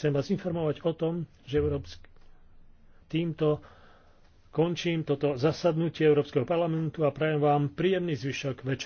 Chcem vás informovať o tom, že Európsk... týmto končím toto zasadnutie Európskeho parlamentu a prajem vám príjemný zvyšok večera.